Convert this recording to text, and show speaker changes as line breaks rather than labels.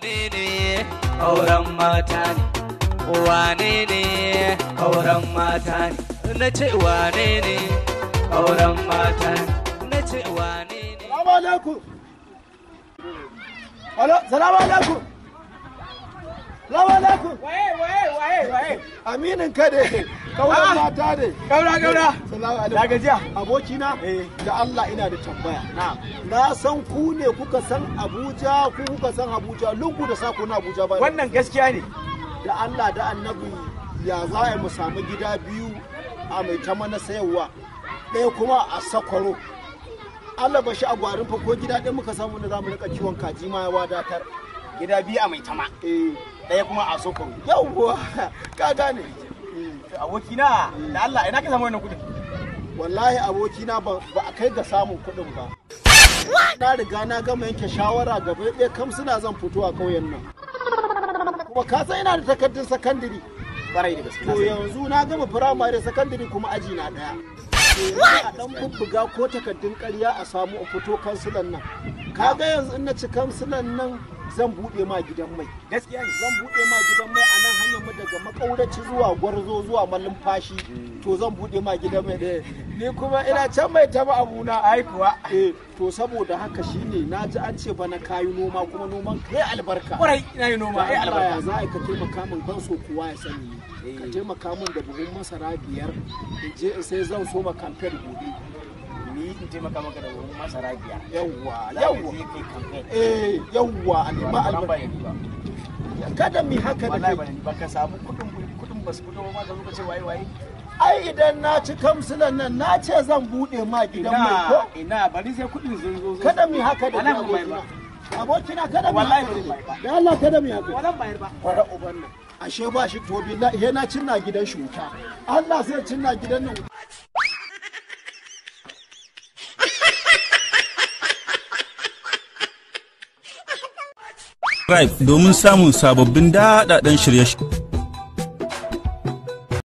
wane ne auren mata ne wane ne auren mata ne na ce wane ne auren mata ne na ce wane ne salamu alaikum alo salamu alaikum salamu alaikum waye waye waye waye aminin ka Kaura mata ne. Kaura kaura. Salamu alaikum. Da gajiya. Abokina eh. da Allah ina da tambaya. Na san ku ne kuka san Abuja ku kuka san Abuja lungu da sako na Abuja ba. Wannan gaskiya ne. Da Allah da Annabi ya za a mu samu gida biyu a mai tama na sayarwa ɗaya kuma a sakwaro. Allah ba shi a gwarin fa ko gida ɗaya muka samu na zamu rika kiwon kaji ma ya wadatar. Gida biyu a mai tama. Eh. Ɗaya kuma a sakwaro. Yawwa ka gane. abokina da Allah ina ka samu wannan kuɗin wallahi abokina ba a kai ga samun kudin ba na riga na gama yanke shawara gaba ɗaya kam suna zan fito a ƙauyen nan kuma ka san ina da takardun sakandiri ƙwarai da gaske to yanzu na gama firamare sakandiri kuma aji na ɗaya a dan bubbuga ko takardun ƙarya a samu a fito kansulan nan Ka ga yanzu in na ci kansulan nan zan buɗe ma gidan mai gaskiya zan buɗe ma gidan mai hanyar mu daga makauraci zuwa gwarzo zuwa fashi to zan bude ma gidan mai eh. ni kuma ina can mai taba abuna haifuwa eh to saboda haka shine na ji an ce bana kayi noma kuma noman kai albarka kwarai ina yi noma ai albarka za a ka taimaka min ban so kuwa ya sani eh. ka taimaka min da buhun masara biyar in je in sai zan so ma kamfen gobe ni in taimaka maka da buhun masara biyar yawwa yawwa eh yawwa alima albarka kada mi haka da kai ba ka samu kudin kudin ba su fito ba ka zo waye waye ai idan na ci kamsulan nan na ce zan bude ma gidan mai ko ina bari sai kudin zo zo kada mi haka da kai abokina kada mi haka da Allah kada mi haka wallahi bayar ba fara uban nan ashe ba shi to billahi he cinna gidan shuka. wuta Allah sai cinna gidan nan subscribe domin samun sababbin daɗaɗɗen shirye-shirye.